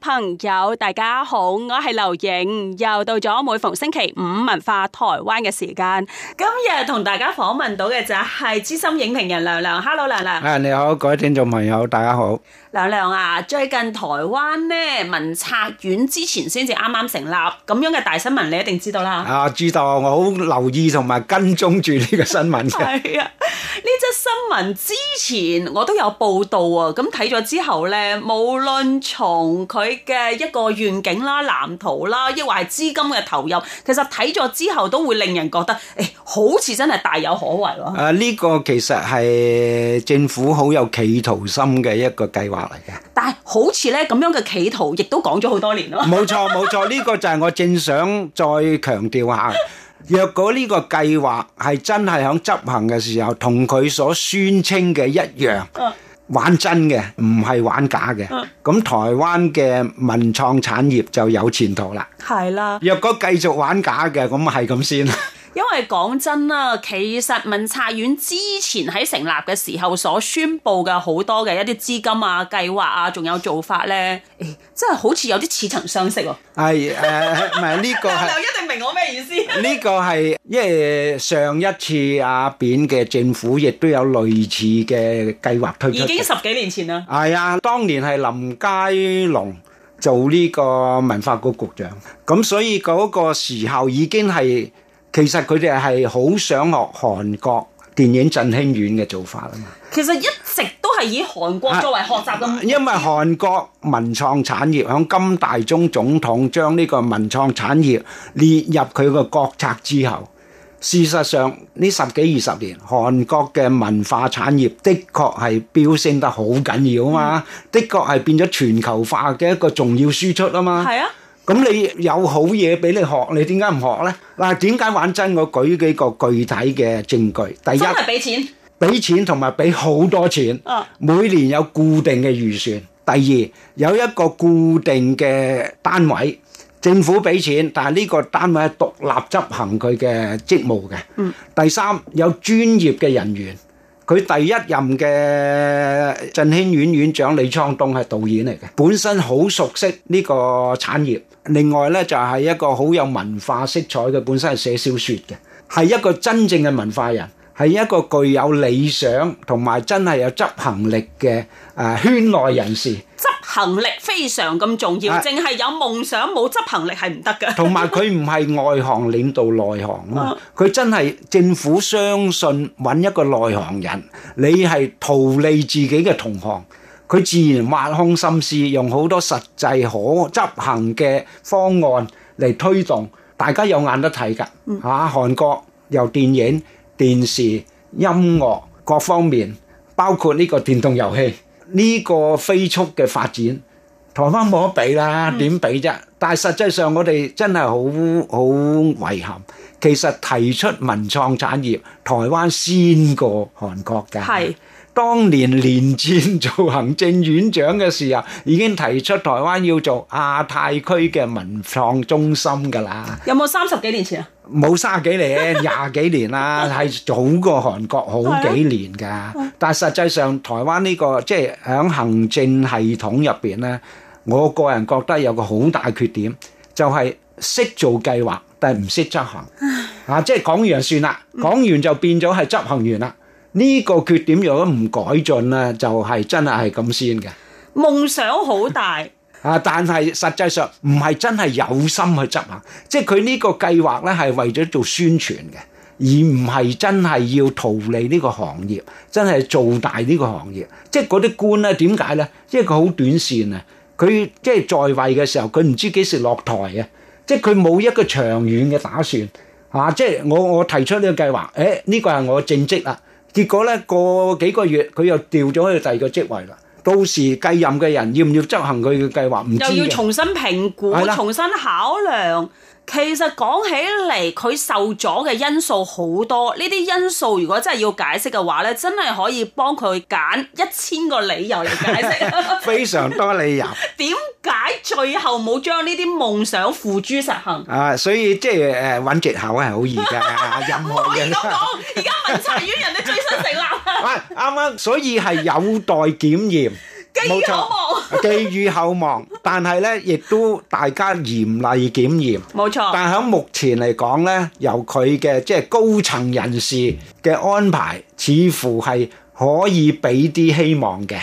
朋友，大家好，我係劉瑩，又到咗每逢星期五文化台灣嘅時間。今日同大家訪問到嘅就係資深影評人梁梁，Hello 梁梁，啊你好，各位聽眾朋友大家好，梁梁啊，最近台灣呢文策院之前先至啱啱成立，咁樣嘅大新聞你一定知道啦，啊知道，我好留意同埋跟蹤住呢個新聞，係啊。新聞之前我都有報道啊，咁睇咗之後呢，無論從佢嘅一個願景啦、藍圖啦，抑或係資金嘅投入，其實睇咗之後都會令人覺得，誒、欸，好似真係大有可為喎。呢、啊呢個其實係政府好有企圖心嘅一個計劃嚟嘅。但係好似呢咁樣嘅企圖，亦都講咗好多年咯。冇錯冇錯，呢、呢個就係我正想再強調下。若果呢個計劃係真係響執行嘅時候，同佢所宣稱嘅一樣，啊、玩真嘅，唔係玩假嘅，咁、啊、台灣嘅文創產業就有前途啦。係啦，若果繼續玩假嘅，咁係咁先。因為講真啦，其實文策院之前喺成立嘅時候所宣布嘅好多嘅一啲資金啊、計劃啊，仲有做法咧、哎，真係好似有啲似曾相識、啊。係 誒、哎，唔係呢個係。 一定明我咩意思？呢 個係因為上一次阿、啊、扁嘅政府亦都有類似嘅計劃推出，已經十幾年前啦。係啊、哎，當年係林佳龍做呢個文化局局長，咁所以嗰個時候已經係。其實佢哋係好想學韓國電影振興院嘅做法啊嘛！其實一直都係以韓國作為學習嘅嘛、啊，因為韓國文創產業響金大中總統將呢個文創產業列入佢個國策之後，事實上呢十幾二十年，韓國嘅文化產業的確係飆升得好緊要啊嘛！嗯、的確係變咗全球化嘅一個重要輸出啊嘛！係啊！咁你有好嘢俾你學，你點解唔學呢？嗱，點解玩真？我舉幾個具體嘅證據。第一，真係俾錢，俾錢同埋俾好多錢。啊，每年有固定嘅預算。第二，有一個固定嘅單位，政府俾錢，但係呢個單位係獨立執行佢嘅職務嘅。嗯。第三，有專業嘅人員。佢第一任嘅振興院院長李滄東係導演嚟嘅，本身好熟悉呢個產業，另外咧就係一個好有文化色彩嘅，本身係寫小說嘅，係一個真正嘅文化人，係一個具有理想同埋真係有執行力嘅誒圈內人士。執行力非常咁重要，淨係有夢想冇執行力係唔得噶。同埋佢唔係外行領導內行啊！佢真係政府相信揾一個內行人，你係圖利自己嘅同行，佢自然挖空心思用好多實際可執行嘅方案嚟推動，大家有眼得睇噶吓。韓國由電影、電視、音樂各方面，包括呢個電動遊戲。呢個飛速嘅發展，台灣冇得比啦，點比啫？但係實際上，我哋真係好好遺憾。其實提出文創產業，台灣先過韓國㗎。係，當年連戰做行政院長嘅時候，已經提出台灣要做亞太區嘅文創中心㗎啦。有冇三十幾年前啊？冇三十幾年，廿幾年啦，係早過韓國好幾年㗎。但係實際上，台灣呢個即係喺行政系統入邊咧。我個人覺得有個好大缺點，就係識做計劃，但係唔識執行。啊，即係講完就算啦，講完就變咗係執行完啦。呢個缺點如果唔改進啊，就係真係係咁先嘅。夢想好大啊，但係實際上唔係真係有心去執行。即係佢呢個計劃咧係為咗做宣傳嘅，而唔係真係要圖利呢個行業，真係做大呢個行業。即係嗰啲官咧點解咧？因為佢好短線啊。佢即係在位嘅時候，佢唔知幾時落台嘅，即係佢冇一個長遠嘅打算嚇、啊。即係我我提出呢個計劃，誒呢個係我正職啦。結果咧過幾個月，佢又調咗去第二個職位啦。到時繼任嘅人要唔要執行佢嘅計劃，唔知嘅又要重新評估，的重新考量。其實講起嚟，佢受阻嘅因素好多。呢啲因素如果真係要解釋嘅話呢，真係可以幫佢揀一千個理由嚟解釋。 非常多理由。點解 最後冇將呢啲夢想付諸實行？啊，所以即係揾借口係好易噶， 任何人都講，而家文策院人哋最新成立、 啊。啱啱、啊，所以係有待檢驗。 寄予厚望，寄予厚望，但係咧，亦都大家嚴厲檢驗。冇錯，但響目前嚟講咧，由佢嘅即係高層人士嘅安排，似乎係可以俾啲希望嘅。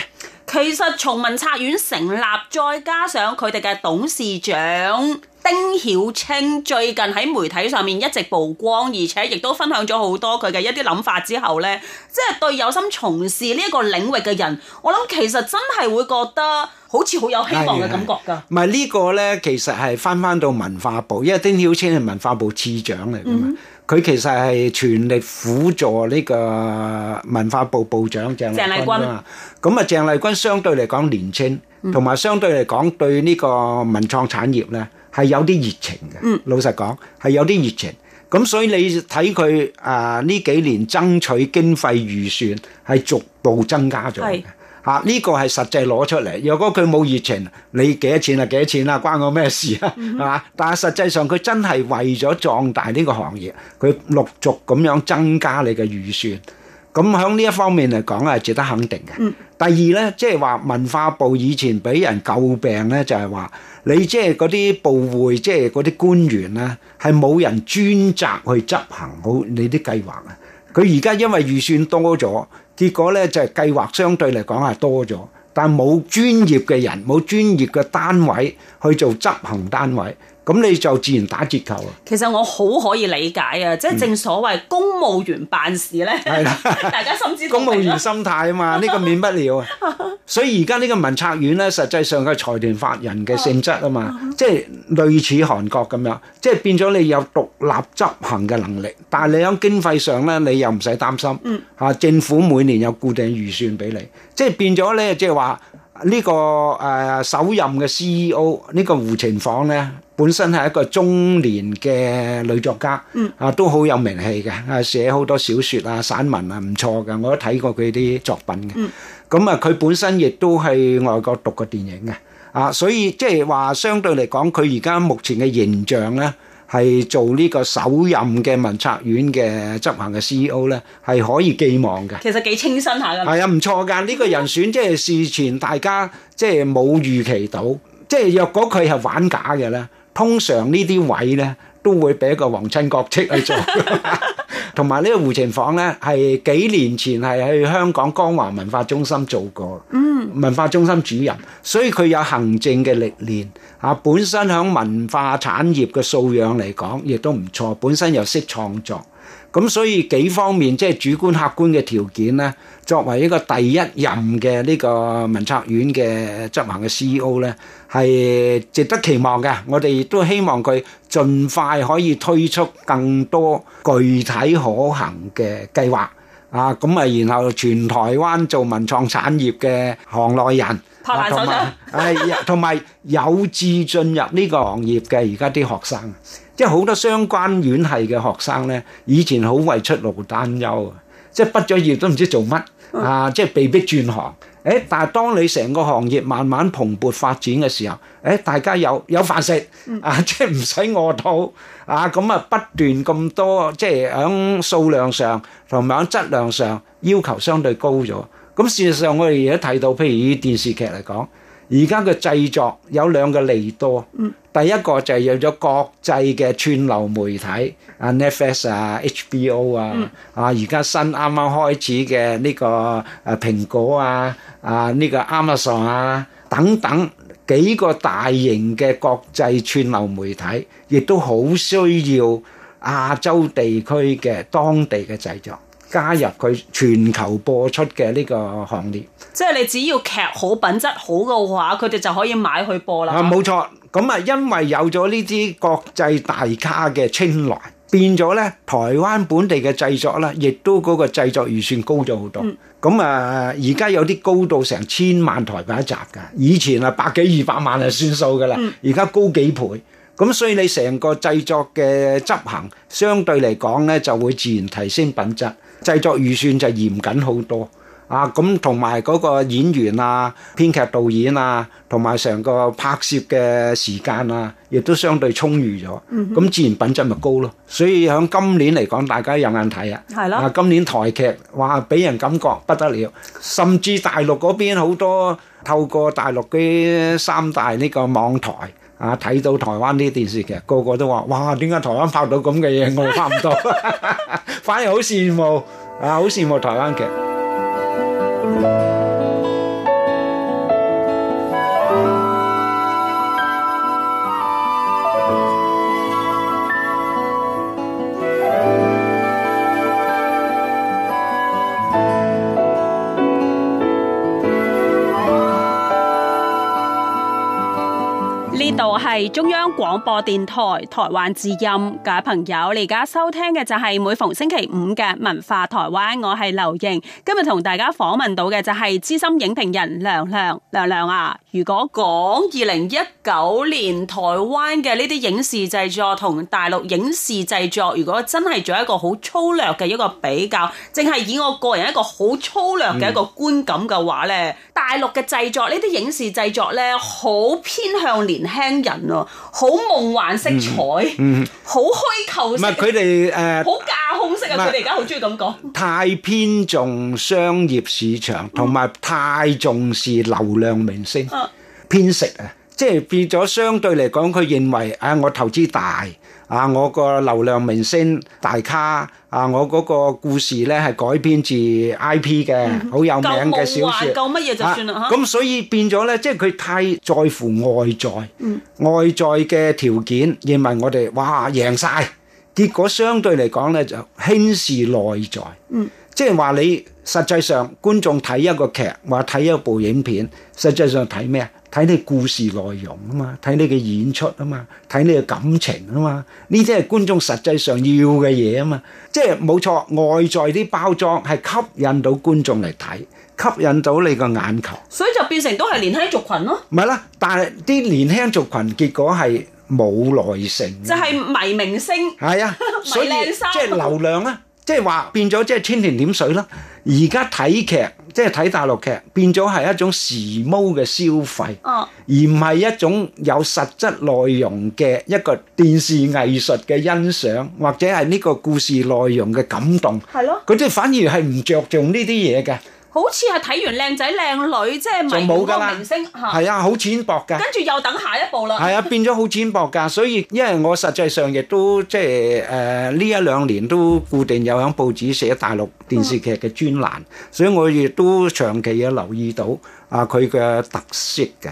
其實從文策院成立，再加上佢哋嘅董事長丁曉菁最近喺媒體上面一直曝光，而且亦都分享咗好多佢嘅一啲諗法之後呢，即係對有心從事呢一個領域嘅人，我諗其實真係會覺得好似好有希望嘅感覺㗎。唔係呢個呢，其實係返返到文化部，因為丁曉菁係文化部次長嚟佢其實係全力輔助呢個文化部部長鄭麗君啊，咁啊，鄭麗君相對嚟講年青，同埋相對嚟講對呢個文創產業咧係有啲熱情嘅。嗯，老實講係有啲熱情，咁所以你睇佢啊呢幾年爭取經費預算係逐步增加咗。啊！呢、這個係實際攞出嚟。若果佢冇熱情，你幾多錢啊？幾多錢啊？關我咩事啊？係、啊、嘛？但係實際上佢真係為咗壯大呢個行業，佢陸續咁樣增加你嘅預算。咁喺呢一方面嚟講啊，係值得肯定嘅。第二咧，即係話文化部以前俾人詬病咧，就係、是、話你即係嗰啲部會，即係嗰啲官員咧，係冇人專責去執行好你啲計劃啊。佢而家因為預算多咗。結果咧就係計劃相對嚟講，係多咗，但係冇專業嘅人，冇專業嘅單位。去做執行單位，咁你就自然打折扣啊！其實我好可以理解啊，即係正所謂公務員辦事咧，嗯、 大家心知肚明。公務員心態啊嘛，呢個免不了啊。 所以而家呢個文策院咧，實際上係財團法人嘅性質啊嘛， 即係類似韓國咁樣，即係變咗你有獨立執行嘅能力，但係你喺經費上咧，你又唔使擔心。嗯。嚇、啊，政府每年有固定預算俾你，即係變咗咧，即係話。呢、這個誒、呃、首任嘅 CEO 呢個胡晴舫咧，本身係一個中年嘅女作家，嗯、啊都好有名氣嘅，啊寫好多小説啊散文啊唔錯嘅，我都睇過佢啲作品嘅。咁、嗯、啊，佢本身亦都係外國讀過電影嘅，啊，所以即係話相對嚟講，佢而家目前嘅形象咧。係做呢個首任嘅文策院嘅執行嘅 CEO 咧，係可以寄望嘅。其實幾清新下㗎。係啊，唔錯㗎。呢個人選即係事前大家即係冇預期到，即係若果佢係玩假嘅咧，通常呢啲位咧都會俾一個皇親國戚去做。同埋呢個胡晴舫咧，係幾年前係去香港光華文化中心做過，嗯，文化中心主任，所以佢有行政嘅歷練啊，本身響文化產業嘅素養嚟講亦都唔錯，本身又識創作。咁所以幾方面即係主觀客觀嘅條件咧，作為一個第一任嘅呢個文策院嘅執行嘅 CEO 咧，係值得期望嘅。我哋亦都希望佢盡快可以推出更多具體可行嘅計劃啊！咁啊，然後全台灣做文創產業嘅行內人。同埋，係同埋有志進入呢個行業嘅而家啲學生，即係好多相關院系嘅學生咧，以前好為出路擔憂，即係畢咗業都唔知做乜，啊，即係被逼轉行。誒，但係當你成個行業慢慢蓬勃發展嘅時候，誒，大家有有飯食，啊，即係唔使餓肚，啊，咁啊不斷咁多，即係響數量上同埋響質量上要求相對高咗。咁事實上，我哋而家睇到，譬如以電視劇嚟講，而家嘅製作有兩個利多。嗯，第一個就係有咗國際嘅串流媒體啊，Netflix 啊、HBO 啊，啊，而家新啱啱開始嘅呢個誒蘋果啊、啊呢個 Amazon 啊等等幾個大型嘅國際串流媒體，亦都好需要亞洲地區嘅當地嘅製作。加入佢全球播出嘅呢個行列，即係你只要劇好品質好嘅話，佢哋就可以買去播啦。啊，冇錯。咁啊，因為有咗呢啲國際大咖嘅青睞，變咗咧，台灣本地嘅製作咧，亦都嗰個製作預算高咗好多。咁啊，而家有啲高到成千萬台幣一集㗎，以前啊百幾二百萬係算數㗎啦，而家高幾倍。咁所以你成個製作嘅執行，相對嚟講咧，就會自然提升品質。製作預算就嚴謹好多啊！咁同埋嗰個演員啊、編劇、導演啊，同埋成個拍攝嘅時間啊，亦都相對充裕咗。咁、嗯、哼自然品質咪高咯。所以喺今年嚟講，大家有眼睇啊！係啦的、啊，今年台劇哇，俾人感覺不得了，甚至大陸嗰邊好多透過大陸嘅三大呢個網台。啊！睇到台灣啲電視劇，個個都話：「哇！點解台灣拍到咁嘅嘢，我哋拍唔到， 反而好羨慕，啊！好羨慕台灣劇。中央廣播電台台灣之音，各位朋友，你而家收聽嘅就係每逢星期五嘅文化台灣，我係劉瑩，今日同大家訪問到嘅就係資深影評人梁良。梁良啊，如果講二零一九年台灣嘅呢啲影視製作同大陸影視製作，如果真係做一個好粗略嘅一個比較，淨係以我個人一個好粗略嘅一個觀感嘅話咧，嗯、大陸嘅製作呢啲影視製作咧，好偏向年輕人。好夢幻色彩，嗯嗯、好虛構。唔係佢哋誒，呃、好架空式啊！佢哋而家好中意咁講，太偏重商業市場，同埋，嗯、太重視流量明星，啊、偏食啊！即係變咗相對嚟講，佢認為啊，我投資大。啊！我個流量明星大咖啊！我嗰個故事咧係改編自 I P 嘅，好有名嘅小説啊！夠乜嘢就算啦！咁所以變咗咧，即係佢太在乎外在，外在嘅條件，認為我哋哇贏晒，結果相對嚟講咧就輕視內在。嗯，即係話你實際上觀眾睇一個劇，話睇一部影片，實際上睇咩啊？睇你故事內容啊嘛，睇你嘅演出啊嘛，睇你嘅感情啊嘛，呢啲係觀眾實際上要嘅嘢啊嘛，即係冇錯，外在啲包裝係吸引到觀眾嚟睇，吸引到你個眼球。所以就變成都係年輕族群咯。唔係啦，但係啲年輕族群結果係冇耐性，就係迷明星，係 啊，所以 迷即係流量啦、啊。即係話變咗，即係蜻蜓點水啦。而家睇劇，即係睇大陸劇，變咗係一種時髦嘅消費，哦、而唔係一種有實質內容嘅一個電視藝術嘅欣賞，或者係呢個故事內容嘅感動。係咯的，佢即係反而係唔着重呢啲嘢嘅。好似係睇完靚仔靚女，即係冇好多明星。係啊，好是是淺薄嘅。跟住又等下一步啦。係啊，變咗好淺薄噶，所以因為我實際上亦都即係誒呢一兩年都固定有喺報紙寫大陸電視劇嘅專欄，嗯、所以我亦都長期有留意到啊佢嘅特色嘅。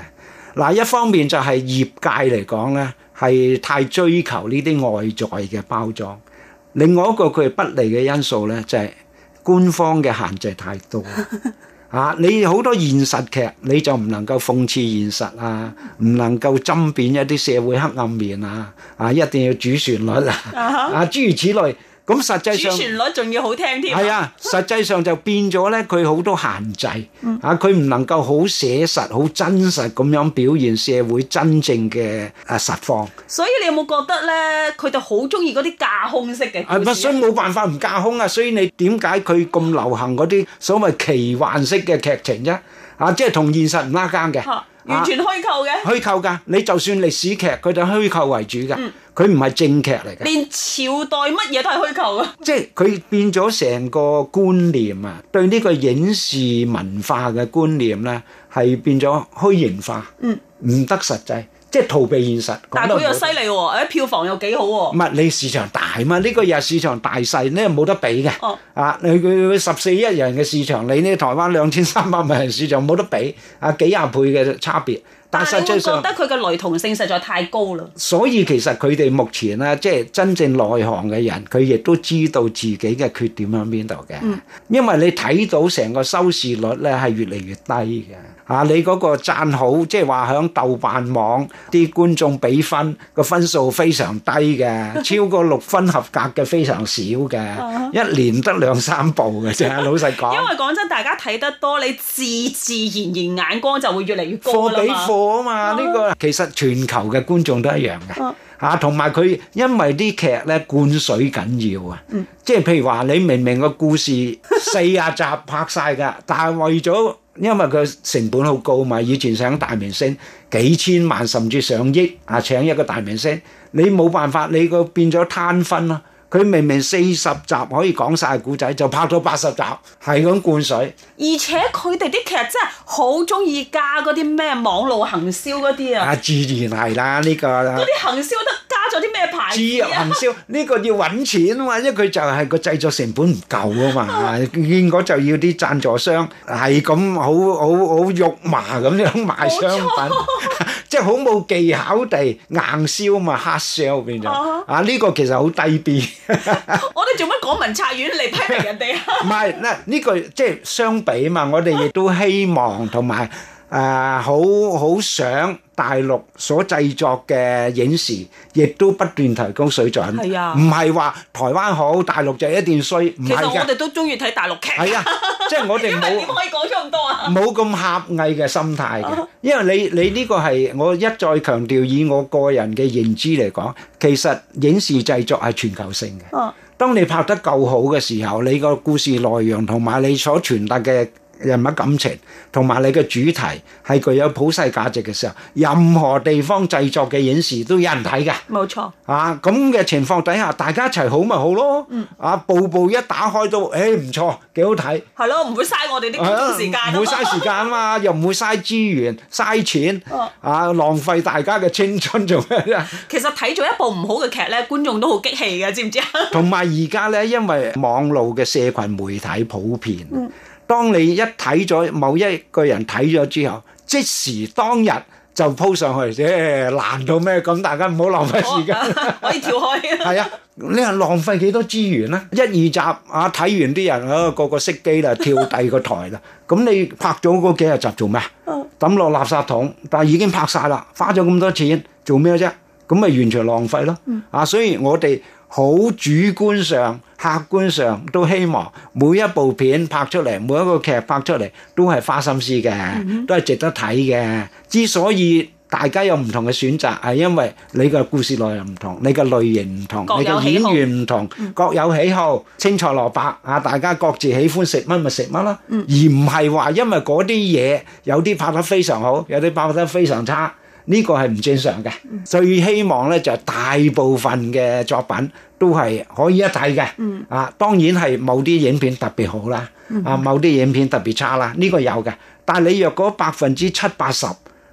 嗱、啊，一方面就係業界嚟講咧，係太追求呢啲外在嘅包裝；另外一個佢不利嘅因素咧，就係、是。官方嘅限制太多 啊！你好多現實劇你就唔能夠諷刺現實啊，唔能夠針砭一啲社會黑暗面啊！啊，一定要主旋律啊！ 啊，諸如此類。咁實際上，旋律仲要好聽添。係啊，實際上就變咗咧，佢好多限制啊，佢唔能夠好寫實、好真實咁樣表現社會真正嘅啊實況。所以你有冇覺得咧，佢哋好中意嗰啲架空式嘅？係，所以冇辦法唔架空啊。所以你點解佢咁流行嗰啲所謂奇幻式嘅劇情啫？啊！即係同現實唔拉更嘅，啊、完全虛構嘅，虛、啊、構噶。你就算歷史劇，佢就虛構為主嘅，佢唔係正劇嚟嘅。連朝代乜嘢都係虛構嘅！即係佢變咗成個觀念啊，對呢個影視文化嘅觀念咧，係變咗虛形化，嗯，唔得實際。即係逃避現實，但係佢又犀利喎！誒，票房又幾好喎、啊！唔係你市場大嘛？呢、呢個又係市場大細咧冇得比嘅。哦、啊，你佢十四億人嘅市場，你呢台灣兩千三百萬人市場冇得比，啊幾廿倍嘅差別。但係我覺得佢嘅雷同性實在太高啦。所以其實佢哋目前咧，即係真正內行嘅人，佢亦都知道自己嘅缺點喺邊度嘅。因為你睇到成個收視率咧係越嚟越低嘅。啊！你嗰個讚好，即係話響豆瓣網啲觀眾比分個分數非常低嘅，超過六分合格嘅非常少嘅，一年得兩三部嘅啫。老實講，因為講真，大家睇得多，你自自然然眼光就會越嚟越高。貨比貨啊嘛！呢個其實全球嘅觀眾都一樣嘅。嚇，同埋佢因為啲劇咧灌水緊要啊，即係譬如話你明明個故事四十集拍曬㗎，但係為咗因為佢成本好高嘛，以前想大明星幾千萬甚至上億啊，請一個大明星，你冇辦法，你個變咗攤分咯。佢明明四十集可以講晒古仔，就拍咗八十集，係咁灌水。而且佢哋啲劇真係好中意加嗰啲咩網絡行銷嗰啲啊！啊，自然係啦，呢、這個啦。嗰啲行銷都。做啲咩牌子？置入行銷呢個要揾錢嘛，因為佢就係個製作成本唔夠啊嘛。結果就要啲贊助商係咁好好好肉麻咁樣賣商品，即係好冇技巧地硬銷啊嘛，黑銷變咗。啊，呢個其實好低 B。我哋做乜講文策院嚟批評人哋啊？唔係嗱，呢個即係相比啊嘛，我哋亦都希望同埋。誒，好好想大陸所製作嘅影視，亦都不斷提高水準。係啊，唔係話台灣好，大陸就一定衰，唔係㗎。其實我哋都中意睇大陸劇。係啊，即係我哋冇點可以講出咁多啊？冇咁狹隘嘅心態嘅，因為你你呢個係我一再強調，以我個人嘅認知嚟講，其實影視製作係全球性嘅。嗯。當你拍得夠好嘅時候，你個故事內容同埋你所傳達嘅，人物感情同埋你嘅主題係具有普世價值嘅時候，任何地方製作嘅影視都有人睇㗎。冇錯啊！咁嘅情況底下，大家一齊好咪好咯。嗯。啊，部部一打開都，誒、欸、唔錯，幾好睇。係咯，唔會嘥我哋啲觀眾時間。唔會嘥時間啊嘛、啊啊，又唔會嘥資源、嘥錢。哦、啊，浪費大家嘅青春做咩啫？其實睇咗一部唔好嘅劇咧，觀眾都好激氣嘅，知唔知啊？同埋而家咧，因為網路嘅社群媒體普遍。嗯。當你一睇咗某一個人睇咗之後，即時當日就鋪上去啫、欸，難到咩咁？大家唔好浪費時間。 可以跳開。係啊，你話浪費幾多資源啦？一、二集啊，睇完啲人、啊，個個熄機啦，跳第二個台啦。咁 你拍咗嗰幾啊集做咩？嗯。抌落垃圾桶，但係已經拍晒啦，花咗咁多錢做咩啫？咁咪完全浪費咯。啊，所以我哋。好主觀上、客觀上都希望每一部片拍出嚟，每一個劇拍出嚟都係花心思嘅，都係值得睇嘅。之所以大家有唔同嘅選擇，係因為你嘅故事內容唔同，你嘅類型唔同，你嘅演員唔同，各有喜好。嗯、青菜蘿蔔啊，大家各自喜歡食乜咪食乜咯，嗯、而唔係話因為嗰啲嘢有啲拍得非常好，有啲拍得非常差。呢個係唔正常嘅，最希望咧就係、大部分嘅作品都係可以一睇嘅，啊當然係某啲影片特別好啦，啊某啲影片特別差啦，呢、呢個有嘅，但係你若果百分之七八十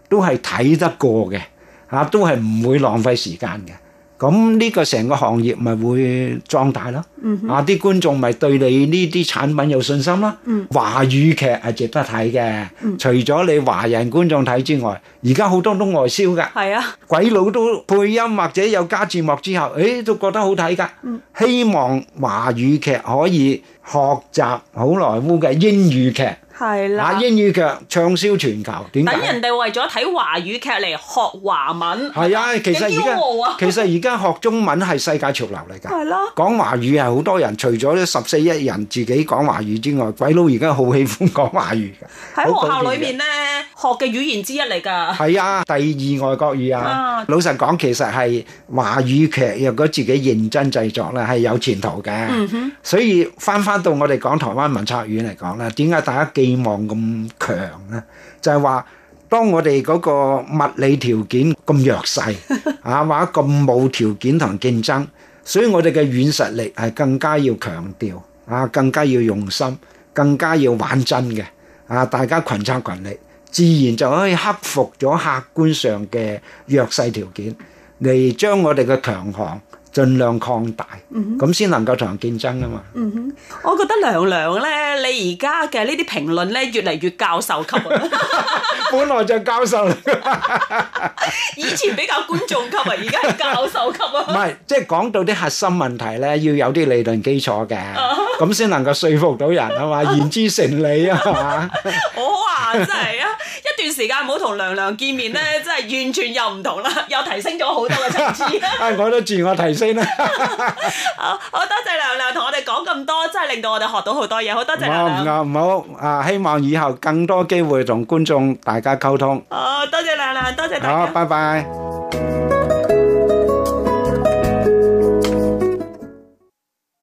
都係睇得過嘅，嚇、啊、都係唔會浪費時間嘅。咁呢個成個行業咪會壯大咯，啊啲、mm hmm. 觀眾咪對你呢啲產品有信心咯。Mm hmm. 華語劇係值得睇嘅，mm hmm. 除咗你華人觀眾睇之外，而家好多都外銷噶，鬼佬、mm hmm. 都配音或者有加字幕之後，誒、哎、都覺得好睇噶。Mm hmm. 希望華語劇可以學習好萊塢嘅英語劇。係啦，英語劇暢銷全球，點解等人哋為咗睇華語劇嚟學華文？係啊，其實而家其實而家學中文係世界潮流嚟㗎。係咯，講華語係好多人，除咗十四億人自己講華語之外，鬼佬而家好喜歡講華語嘅。喺學校裏面咧，學嘅語言之一嚟㗎。係啊，第二外國語啊。老實講，其實係華語劇，如果自己認真製作咧，係有前途嘅。嗯哼，所以翻翻到我哋講台灣文策院嚟講咧，點解大家記？希望咁強咧，就係、是、話當我哋嗰個物理條件咁弱勢 啊，話咁冇條件同競爭，所以我哋嘅軟實力係更加要強調啊，更加要用心，更加要玩真嘅啊，大家群策群力，自然就可以克服咗客觀上嘅弱勢條件，嚟將我哋嘅強項。儘量擴大，咁先能夠同人競爭啊嘛。 我覺得娘娘咧，你而家嘅呢啲評論咧，越嚟越教授級。 本來就教授， 以前比較觀眾級啊，而家係教授級啊。唔 係，即係講到啲核心問題咧，要有啲理論基礎嘅，咁先 能夠說服到人啊嘛，言之成理啊嘛。 我話真係啊！一段時間冇同娘娘見面咧，真係完全又唔同啦，又提升咗好多嘅層次啦。啊，我都自我提升啦。啊，好多謝娘娘同我哋講咁多，真係令到我哋學到好多嘢。好多謝娘娘，唔好啊，希望以後更多機會同觀眾大家溝通。好，多謝娘娘，多謝大家。好，拜拜。